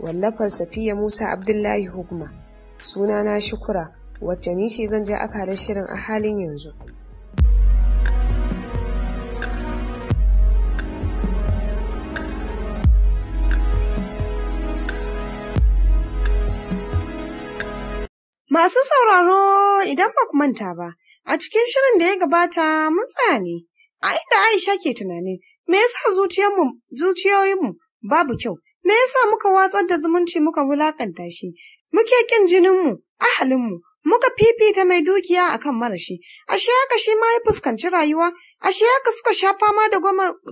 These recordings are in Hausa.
wallafar safiya musa abdullahi hukuma suna na shukura wacce ni ce zan je akalar shirin a halin yanzu Masu sauraro idan ba ku manta ba, a cikin shirin da ya gabata mun tsaya ne, a inda Aisha ke tunanin me yasa zuciyoyinmu babu kyau Me yasa muka watsar da zumunci muka wulakanta shi, muke ƙin jininmu, ahalinmu, muka fifita mai dukiya akan marashi, ashe haka shi ma ya fuskanci rayuwa, ashe haka suka sha fama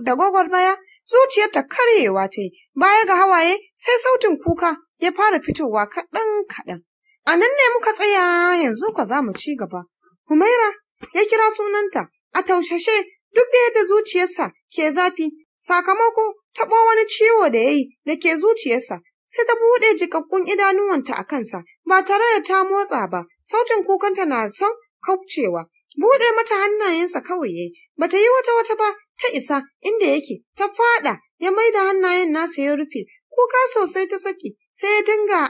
da gwagwarmaya, zuciyar ta karyewa ta yi, baya ga hawaye sai sautin kuka ya fara fitowa kaɗan-kaɗan. A nan ne muka tsaya yanzu ka za mu ci gaba. Humaira ya kira sunanta a taushashe duk da yadda zuciyarsa ke zafi, sakamako taɓo wani ciwo da ya yi da ke zuciyarsa, sai ta buɗe jikakkun idanuwanta a kansa ba tare da ta motsa ba, sautin kukanta na son kaucewa. Buɗe mata hannayensa kawai ba ta yi wata wata ba ta isa inda yake, ta faɗa ya mai da hannayen nasa ya rufe, kuka sosai ta saki, sai ya dinga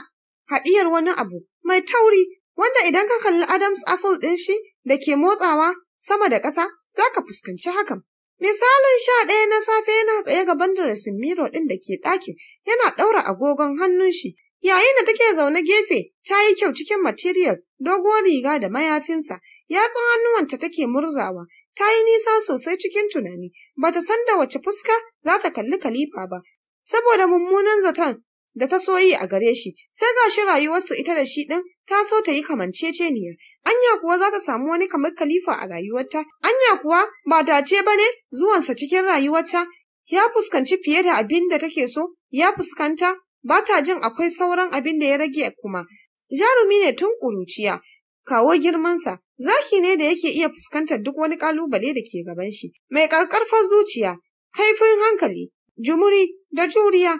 haɗiyar wani abu mai tauri wanda idan ka kalli Adam's apple ɗin shi da ke motsawa sama da ƙasa za ka fuskanci hakan. Misalin sha ɗaya na safe yana tsaye gaban darasin miro ɗin da ke ɗakin yana ɗaura agogon hannun shi yayin da take zaune gefe ta yi kyau cikin material doguwar riga da mayafinsa yatsun hannuwanta take murzawa ta yi nisa sosai cikin tunani ba ta san da wace fuska za ta kalli kalifa ba saboda mummunan zaton da ta so yi a gare shi, sai ga shi rayuwarsu ita da shi ɗin ta so ta yi kamanceceniya. Anya kuwa za ta samu wani kamar kalifa a rayuwarta, anya kuwa ba dace ba ne zuwansa cikin rayuwarta, ya fuskanci fiye da abin da take so, ya fuskanta, ba ta jin akwai sauran abin da ya rage kuma. Jarumi ne tun ƙuruciya, kawo girman sa zaki ne da yake iya fuskantar duk wani ƙalubale da ke gaban shi, mai ƙarƙarfar zuciya, kaifin hankali, jumuri da juriya,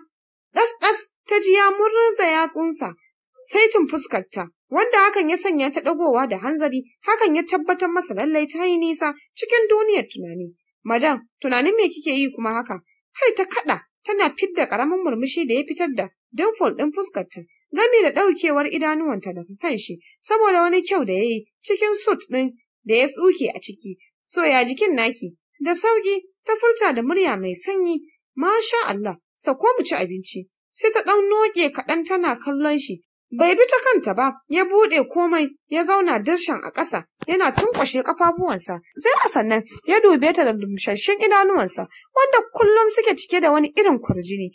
ɗas-ɗas ta ji ya murza yatsunsa, saitin fuskarta, wanda hakan ya sanya ta dagowa da hanzari, hakan ya tabbatar masa lallai ta yi nisa cikin duniyar tunani. Madam, tunanin me kike yi kuma haka? Kai ta kaɗa, tana fidda karamin murmushi da ya fitar da dimple ɗin fuskarta, gami da ɗaukewar idanuwanta daga kan shi, saboda wani kyau da ya yi cikin sut ɗin da ya tsuke a ciki. So ya jikin naki, da sauƙi ta furta da murya mai sanyi, masha Allah, sako mu ci abinci. sai ta ɗan noƙe kaɗan tana kallon shi. Bai bi ta kanta ba, ya buɗe komai, ya zauna dirshan a ƙasa, yana tunkwashe ƙafafuwansa, sai a sannan ya dube ta da lumshashin idanuwansa, wanda kullum suke cike da wani irin kurjini.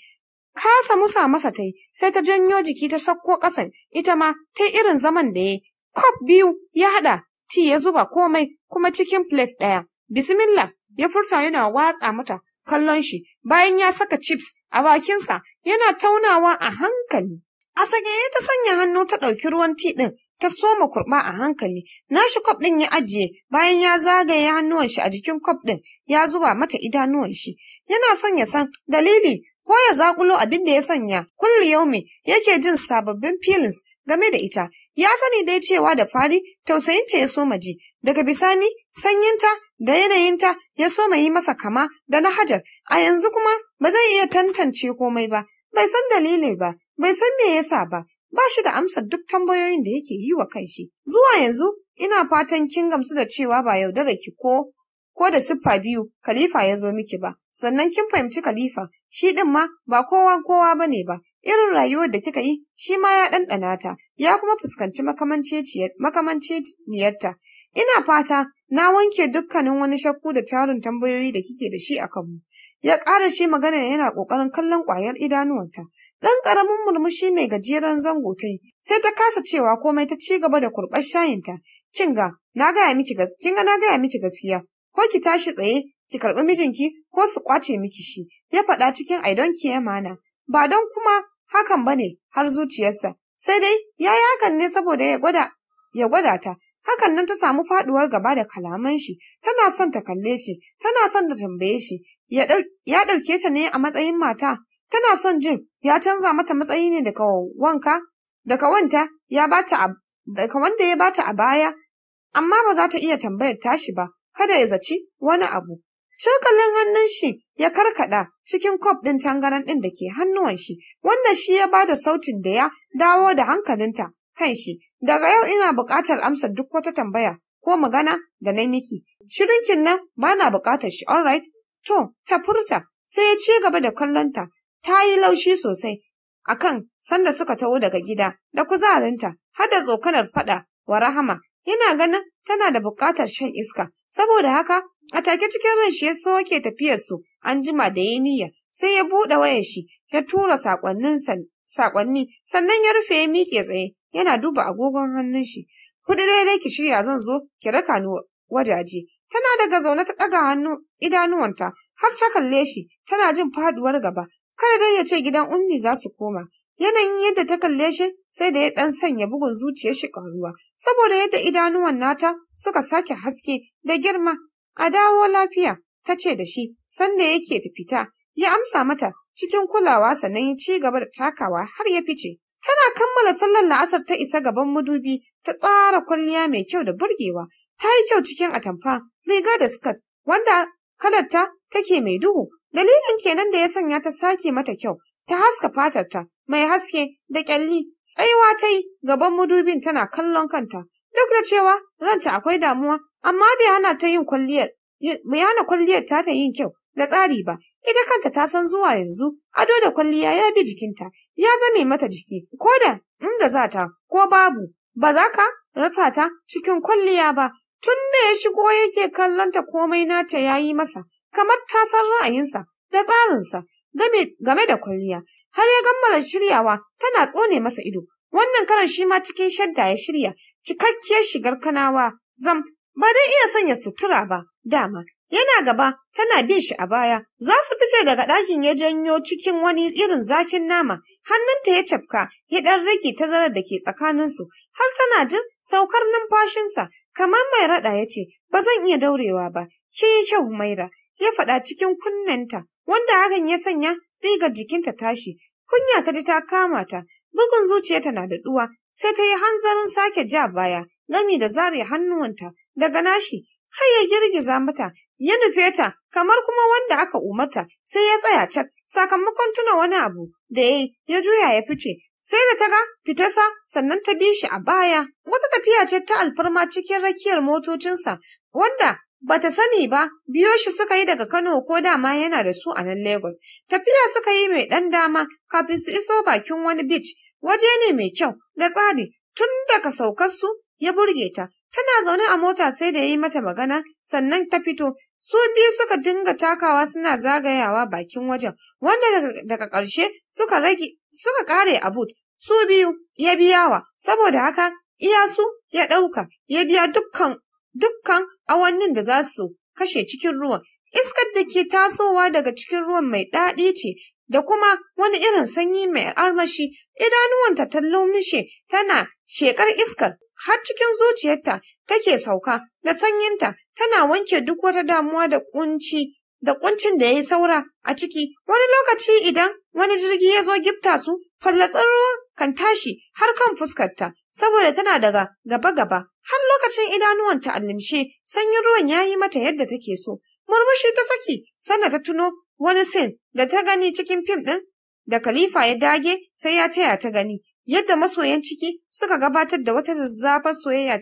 Kasa musa masa ta yi, sai ta janyo jiki ta sakko ƙasan, ita ma ta irin zaman da ya yi. Kwaf biyu ya haɗa, ti ya zuba komai kuma cikin plate ɗaya. Bismillah, ya furta yana watsa mata kallon shi bayan ya saka chips a bakinsa yana taunawa a hankali. A sage ya ta sanya hannu ta ɗauki ruwan ti ɗin ta soma kurɓa a hankali. Nashi kwaf ɗin ya ajiye bayan ya zagaye hannuwan shi a jikin kwaf ɗin ya zuba mata idanuwan shi. Yana son ya san dalili ko ya zaƙulo abin da ya sanya kulli yaumi yake jin sababbin feelings game da ita, ya sani dai cewa da fari tausayinta ya soma ji, daga bisani sanyinta da yanayinta ya soma yi masa kama da na hajar, a yanzu kuma ba zai iya tantance komai ba, bai san dalili ba, bai san me yasa ba, ba shi da amsa duk tambayoyin da yake yi wa kanshi. Zuwa yanzu ina fatan kin gamsu da cewa ba yaudara ki ko ko da siffa biyu khalifa ya zo miki ba sannan kin fahimci khalifa shi din ma ba kowa kowa bane ba irin rayuwar da kika yi shi ma ya ɗanɗana ta ya kuma fuskanci makamanciyarta ina fata na wanke dukkanin wani shakku da tarin tambayoyi da kike da shi a kanmu ya ƙara shi magana yana ƙoƙarin kallon ƙwayar idanuwanta ɗan ƙaramin murmushi mai gajeren zango ta yi sai ta kasa cewa komai ta ci gaba da kurɓar shayinta kin ga na gaya miki gaskiya kin ga na gaya miki gaskiya ko ki tashi tsaye ki karɓi mijinki ko su kwace miki shi ya faɗa cikin I don't care mana ba don kuma hakan ba ne har zuciyarsa, sai dai ya yi hakan ne saboda ya gwada, ya gwada ta, hakan nan ta samu faduwar gaba da kalaman shi, tana son ta kalle shi, tana son ta tambaye shi, ya ɗauke ta ne a matsayin mata, tana son jin ya canza mata matsayi ne daga wanka, daga wanta ya bata daga wanda ya bata a baya, amma ba za ta iya tambayar tashi ba, kada ya zaci wani abu, Cokalin hannun shi ya karkada cikin kwaf ɗin tangaran ɗin da ke hannuwan shi, wannan shi ya ba da sautin da ya dawo da hankalinta kan shi. Daga yau ina buƙatar amsa duk wata tambaya ko magana da na miki. Shirinkin nan ba na buƙatar shi, all right? To, ta furta, sai ya ci gaba da kallonta, ta yi laushi sosai. a kan sanda suka taho daga gida da kuzarinta, har da tsokanar faɗa wa rahama, yana ganin tana da buƙatar shan iska, saboda haka A take cikin ran shi ya soke su an jima da ya niyya sai ya buɗe wayar shi ya tura saƙonni sannan ya rufe ya miƙe tsaye yana duba agogon hannun shi. Kuɗi dai-dai ki shirya zan zo ki raka ni wajaje. Tana daga zaune ta ɗaga hannu idanuwanta har ta kalle shi tana jin faduwar gaba. Kada dai ya ce gidan ummi za su koma. Yanayin yadda ta kalle shi sai da ya ɗan sanya bugun zuciyar shi ƙaruwa, saboda yadda idanuwan nata suka sake haske da girma A dawo lafiya, ta ce da shi, sanda yake fita, ya amsa mata cikin kulawa sannan ya ci gaba da takawa har ya fice. Tana kammala sallar la'asar ta isa gaban madubi ta tsara kwalliya mai kyau da burgewa. Ta yi kyau cikin atamfa, riga da skirt, wanda kalarta take mai duhu. Dalilin kenan da ya sanya ta sake mata kyau, ta haska fatarta mai haske da kyalli. tsayuwa, ta yi gaban madubin tana kallon kanta. Duk da cewa ranta akwai damuwa, amma bai hana ta yin kwalliyar, bai hana kwalliyar ta ta yin kyau da tsari ba. Ita kanta ta san zuwa yanzu, ado da kwalliya ya bi jikinta, ya zame mata jiki, ko da inda za ta ko babu, ba za ka rasa ta cikin kwalliya ba. Tun da ya shigo yake kallonta komai nata ya yi masa, kamar ta san ra'ayinsa da tsarinsa game da kwalliya. Har ya gammala shiryawa tana tsone masa ido. Wannan karan shi ma cikin shadda ya shirya, cikakkiyar shigar kanawa zam ba dai iya sanya sutura ba dama yana gaba tana bin shi a baya za su fice daga ɗakin ya janyo cikin wani irin zafin nama hannunta ya cafka ya ɗan rage tazarar da ke tsakaninsu har tana jin saukar numfashinsa kamar mai raɗa ya ce ba zan iya daurewa ba ke kyau maira ya faɗa cikin kunnenta wanda hakan ya sanya tsigar jikinta tashi kunya ta ji ta kamata. bugun zuciyarta na da ɗuwa sai ta yi hanzarin sake ja baya gami da zare hannuwanta daga nashi har ya girgiza mata ya nufe ta kamar kuma wanda aka umarta sai ya tsaya cak sakamakon tuna wani abu da ya ya juya ya fice sai da ta ga sa, sannan ta bi shi a baya wata tafiya ce ta alfarma cikin rakiyar motocinsa wanda bata sani ba biyo shi suka yi daga Kano ko dama yana da su a nan Lagos tafiya suka yi mai ɗan dama kafin su iso bakin wani beach Waje ne mai kyau da tsari tun daga saukarsu ya burge ta. Tana zaune a mota sai da ya yi mata magana sannan ta fito. Su biyu suka dinga takawa suna zagayawa bakin wajen wanda daga ƙarshe suka rage suka ƙare a but. Su biyu ya biyawa saboda haka iya su ya ɗauka ya biya dukkan dukkan awannin da za su kashe cikin ruwan. Iskar da ke tasowa daga cikin ruwan mai daɗi ce, da kuma wani irin sanyi mai armashi idanuwanta ta lumushe tana shekar iskar har cikin zuciyarta take sauka da sanyinta tana wanke duk wata damuwa da kunci da kuncin da ya yi saura a ciki wani lokaci idan wani jirgi ya zo gifta su fallatsar ruwa kan tashi har kan fuskarta saboda tana daga gaba-gaba har lokacin idanuwanta a sanyin ruwan ya yi mata yadda take so murmushi ta saki sannan ta tuno Wani sin da ta gani cikin fim ɗin da Khalifa ya dage sai ya taya ta gani yadda masoyan ciki suka gabatar da wata zazzafar soyayya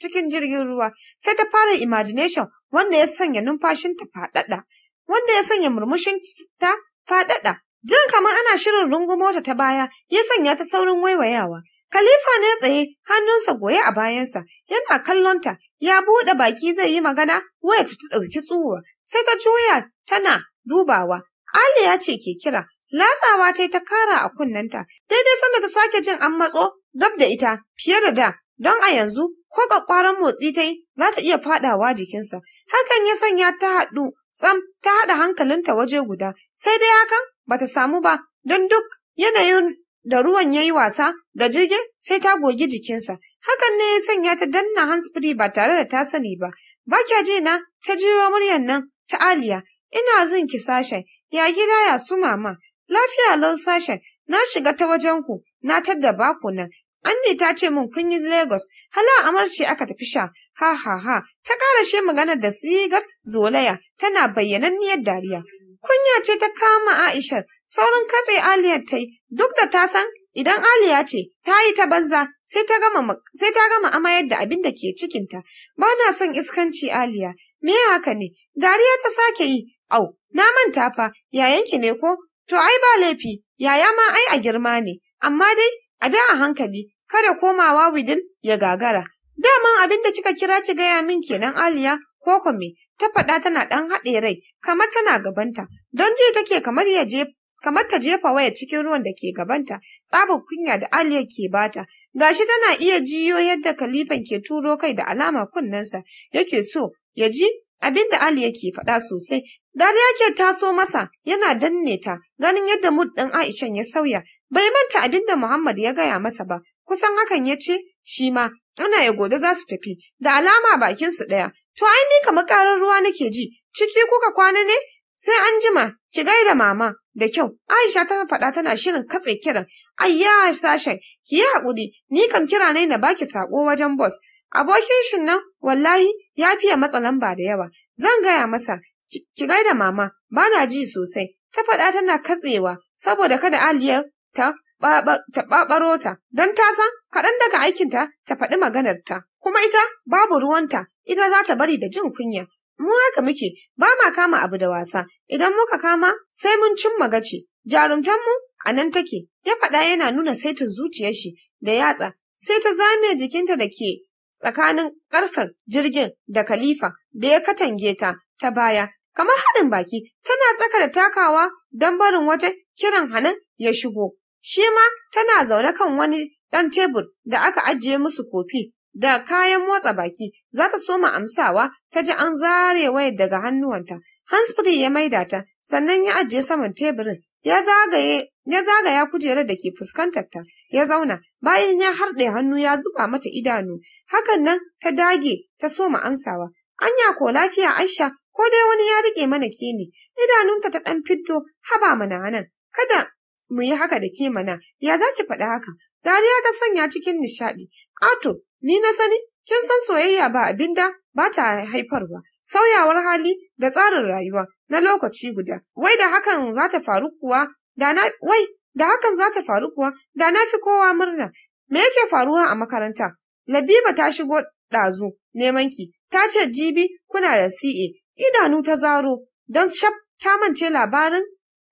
cikin jirgin ruwa sai ta fara imagination wanda ya sanya numfashinta faɗaɗa wanda ya sanya murmushin ta faɗaɗa jin kamar ana shirin rungumota ta baya ya sanya ta saurin waiwayawa Khalifa ne tsaye hannunsa goye a bayansa yana kallonta ya buɗe baki zai yi magana waya ta ɗauki tsuwa sai ta juya tana dubawa. Aliya ce ke kira, latsawa ta yi ta kara a kunnenta, daidai sanda ta sake jin an matso gab da ita fiye da da, don a yanzu ko ƙwaƙwaran motsi ta yi za ta iya faɗawa jikinsa. Hakan ya sanya ta haɗu tsam ta haɗa hankalinta waje guda, sai dai hakan ba ta samu ba don duk yanayin da ruwan ya yi wasa da jirgin sai ta gogi jikinsa. Hakan ne ya sanya ta danna handsfree ba tare da ta sani ba. Ba kya ji na ta jiyo muryan nan ta Aliya Ina zin ki sashen, ya gida ya su mama, lafiya lau sashen, na shiga ta wajen ku, na tadda baku nan. Anni ta ce min kun yi Lagos, hala amarci aka tafi sha, ha ha ha, ta shi maganar da sigar zolaya tana bayyananniyar dariya. Kunya ce ta kama Aishar, saurin katse Aliyar ta yi, duk da ta san idan Aliya ce ta yi ta banza sai ta gama sai ta gama amayar da abin da ke cikinta. Ba na son iskanci Aliya, me haka ne? Dariya ta sake yi, Au, na manta fa, yayanki ne ko? To ai ba laifi, yaya ma ai a girma ne, amma dai a bi a hankali, kada komawa widin ya gagara. Daman abin da kika kira ki gaya min kenan Aliya ko me. ta faɗa tana ɗan haɗe rai, kamar tana gabanta, don ji take kamar ya je kamar ta jefa waya cikin ruwan da ke gabanta, tsabar kunya da Aliya ke bata. Gashi tana iya jiyo yadda kalifan ke turo kai da alama kunnensa, yake so ya ji Abin da Ali yake faɗa sosai, dariya ke taso masa yana danne ta ganin yadda mud ɗin Aishan ya sauya, bai manta abin da Muhammad ya gaya masa ba, kusan hakan ya ce shi ma ana ya gode za su tafi, da alama bakin su ɗaya. To ai ni kamar ƙarar ruwa nake ji, ciki kuka kwana ne? Sai an jima, ki gaida mama, da kyau. Aisha ta faɗa tana shirin katse kiran. Ayya Sashen, ki yi haƙuri, ni kan kira nai na baki saƙo wajen boss Abokin shin nan wallahi ya fiye matsa lamba da yawa. Zan gaya masa, ki gaida mama, ba na ji sosai. Ta faɗa tana katsewa saboda kada Aliyar ta ɓaɓaro ta, don ta san kaɗan daga aikinta ta faɗi maganar ta Kuma ita babu ruwanta, ita za ta bari da jin kunya. Mu haka muke, ba ma kama abu da wasa, idan muka kama sai mun cimma gaci. mu? a nan take, ya faɗa yana nuna saitin zuciyar shi da yatsa, sai ta zame jikinta da ke tsakanin ƙarfen jirgin da Khalifa da ya katange ta ta baya, kamar haɗin baki, tana tsaka da takawa don barin waje kiran Hanan ya shigo. Shi ma tana zaune kan wani ɗan tebur da aka ajiye musu kofi da kayan motsa baki, za ta soma amsawa ta ji an zare wayar daga hannuwanta. Hansfree ya maida ta, sannan ya ajiye saman teburin ya zagaye ya zagaya kujerar da ke fuskantar ta ya zauna bayan ya harɗe hannu ya zuba mata idanu hakan nan ta dage ta soma amsawa anya ko lafiya aisha ko dai wani ya rike mana ke ne idanunka ta ɗan fiddo haba mana nan kada mu yi haka da ke mana ya za ki faɗi haka dariya ta sanya cikin nishaɗi ato ni na sani kin san soyayya ba abin da ba ta haifarwa sauyawar hali da tsarin rayuwa na lokaci guda. Wai da hakan za ta faru kuwa da na wai da hakan za ta faru kuwa da na fi kowa murna. Me yake faruwa a makaranta? Labiba ta shigo ɗazu neman ki, ta ce jibi kuna da CA, idanu ta zaro don shaf ta mance labarin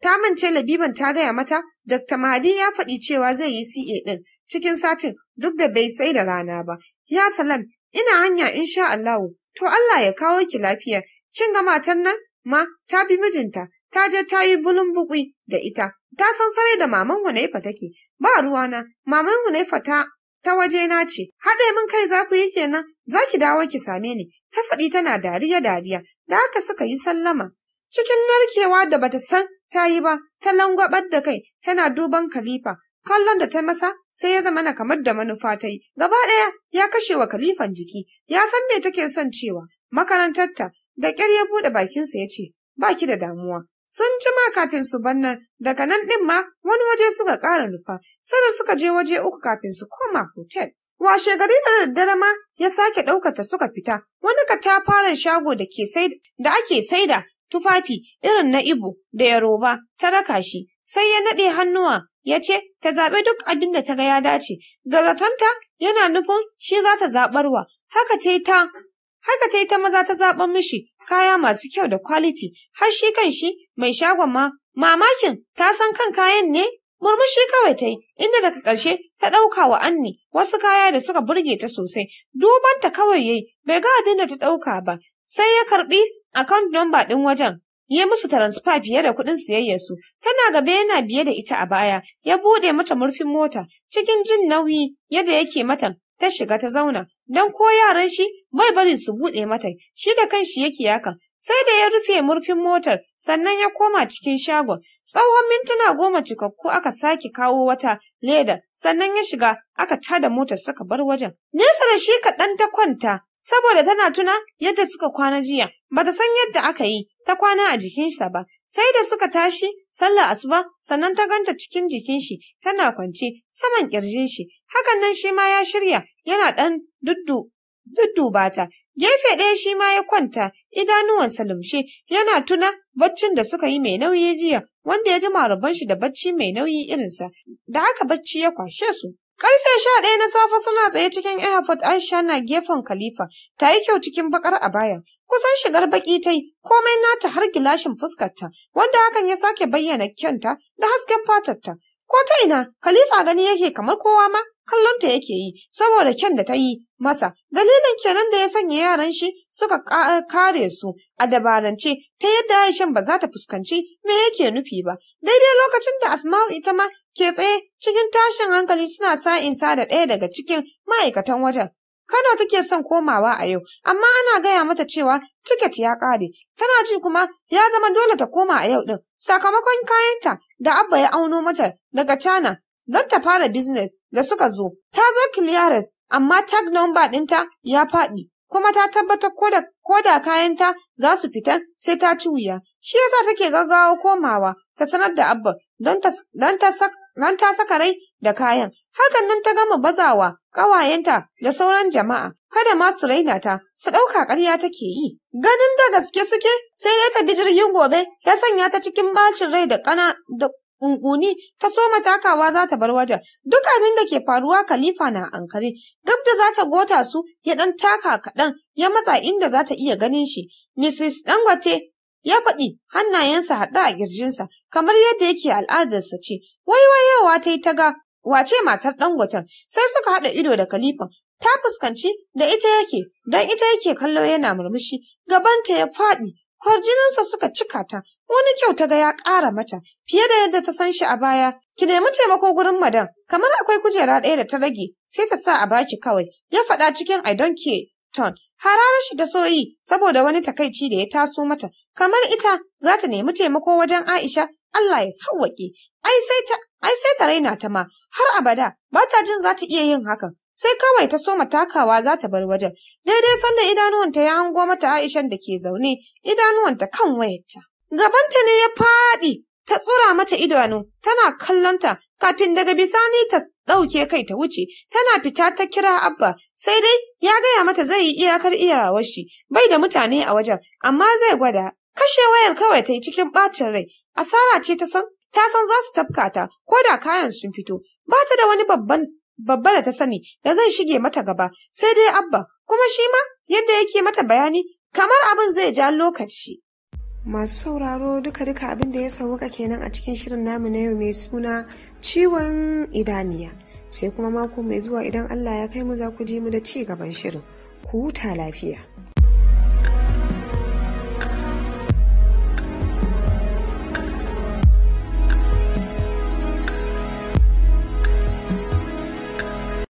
ta mance labiban ta gaya mata Dr. Mahadi ya faɗi cewa zai yi CA ɗin cikin satin duk da bai sai da rana ba. Ya salam, ina hanya in sha Allahu To Allah ya kawo ki lafiya, kin ga matan nan ma ta bi mijinta, ta je ta yi bulun bukwi da ita, ta san sarai da maman Hunaifa take, ba ruwana, maman Hunaifa ta ta waje na ce, haɗe min kai za ku yi kenan, za ki dawo ki same ni, ta faɗi tana dariya dariya, da haka suka yi sallama. Cikin narkewa da bata san ta yi ba, ta langwabar da kai, tana duban Khalifa, Kallon da ta masa sai ya zama na kamar da manufa ta yi, gaba ɗaya ya kashe wa kalifan jiki, ya san me take son cewa, makarantarta da kyar ya buɗe bakinsa ya ce, ba ki da damuwa. Sun jima kafin su bannan, daga nan ɗin ma wani waje suka ƙara nufa, sai suka je waje uku kafin su koma hotel. Washe gari da daddare ma ya sake ɗaukata suka fita, wani katafaren shago da da ake saida tufafi irin na Ibo da Yaroba ta raka shi, sai ya naɗe hannuwa ya ce ta zaɓi duk abin da ta ga ya dace, ga zatonta yana nufin shi za ta zaɓarwa, haka ta yi ta Haka ta ta maza ta zaɓan mishi kaya masu kyau da kwaliti, har shi kan shi mai shagon ma, mamakin ta san kan kayan ne? Murmushi kawai ta yi, inda daga ƙarshe ta ɗauka wa Anni wasu kaya da suka burge ta sosai, dubanta kawai yayi, bai ga abin da ta ɗauka ba, sai ya karɓi akaunt namba ɗin wajen, ya musu taransifa fiye da kuɗin siyayyarsu. Tana gaba yana biye da ita a baya, ya buɗe mata murfin mota, cikin jin nauyi yadda yake mata ta shiga ta zauna, don ko yaran shi bai bari su buɗe mata, shi da kanshi yake yakan. Sai da ya rufe murfin motar, sannan ya koma cikin shagon. Tsawon mintuna goma cikakku aka sake kawo wata leda, sannan ya shiga aka tada motar suka bar wajen. Nesa da shi kaɗan ta kwanta, saboda tana tuna yadda suka kwana jiya, bata san yadda aka yi ta kwana a jikinsa ba, sai da suka tashi sallah asuba sannan ta ganta cikin jikin shi tana kwance saman kirjin shi, hakan nan shi ma ya shirya yana ɗan duddu dudduba ta, gefe ɗaya shi ma ya kwanta idanuwansa lumshe yana tuna baccin da suka yi mai nauyi jiya wanda ya ji rabon shi da bacci mai nauyi irinsa da aka bacci ya kwashe su Karfe sha ɗaya na safe suna tsaye cikin airport Aisha na gefen Khalifa, ta yi kyau cikin bakar baya. Kusan shigar baki ta yi, komai nata har gilashin fuskarta, wanda hakan ya sake bayyana kyanta da hasken fatarta. Ko ta ina, Khalifa gani yake kamar kowa ma, kallonta yake yi, saboda kyan da ta yi masa. Dalilin kenan da ya sanya yaran shi suka kare su a dabarance ta yadda aisha ba za ta fuskanci me yake nufi ba. Daidai lokacin da Asma'u ita ma ke tsaye cikin tashin hankali suna sa sa da ɗaya daga cikin ma'aikatan wajen. Kano take son komawa a yau, amma ana gaya mata cewa tiket ya ƙare. Tana ji kuma ya zama dole ta koma a yau ɗin. Sakamakon kayanta da Abba ya auno mata daga China don ta fara biznes da suka zo. Ta zo Kiliyaris, amma tag number ɗinta ya faɗi. Kuma ta tabbatar ko da kayanta za su fita sai ta ci wuya. Shi yasa take gaggawa komawa ta sanar da Abba don ta nan ta saka rai da kayan, hakan nan ta gama bazawa ƙawayenta da sauran jama'a, kada ma su raina ta, su ɗauka ƙarya take yi. Ganin da gaske suke, sai dai ta bi jirgin gobe, ya sanya ta cikin bacin rai da ƙana da ƙunƙuni ta so matakawa za ta bar wajen. Duk abin da ke faruwa Khalifa na ankare, gab da za ta gota su ya ɗan taka kaɗan ya matsa inda za ta iya ganin shi. Mrs. Dangote ya faɗi hannayensa haɗa a ƙirjinsa kamar yadda yake al'adarsa ce waiwayewa ta yi ta ga wace matar dangoten sai suka haɗa ido da kalifan ta fuskanci da ita yake don ita yake kallo yana murmushi gabanta ya faɗi kwarjininsa suka cika ta wani kyau ta ga ya ƙara mata fiye da yadda ta san shi a baya ki nemi taimako gurin madan kamar akwai kujera ɗaya da ta rage sai ka sa a baki kawai ya faɗa cikin i don't care Ton, hararar shi ta so saboda wani takaici da ya taso mata, kamar ita za ta nemi taimako wajen Aisha, Allah ya sauwaƙe, ai sai ta raina ta ma, har abada ba ta jin za ta iya yin hakan, sai kawai ta soma takawa za ta bar wajen, daidai sanda idanuwanta ya hango mata Aishan da ke zaune, idanuwanta kan wayarta. Gabanta ne ya faɗi ta tsura mata idanu tana kallonta kafin daga bisani ta ɗauke kai ta wuce tana fita ta kira abba sai dai ya gaya mata zai yi iyakar iyawar shi bai da mutane a wajen amma zai gwada kashe wayar kawai ta yi cikin ɓacin rai asara ce ta san ta san za su tafka ta ko da kayan sun fito ba ta da wani babban babba da ta sani da zai shige mata gaba sai dai abba kuma shi ma yadda yake mata bayani kamar abin zai ja lokaci Masu sauraro duka-duka abinda ya sauka kenan a cikin shirin namu na yau mai suna ciwon idaniya. Sai kuma mako mai zuwa idan Allah ya kai mu za ku ji mu da ci gaban shirin. Ku huta lafiya.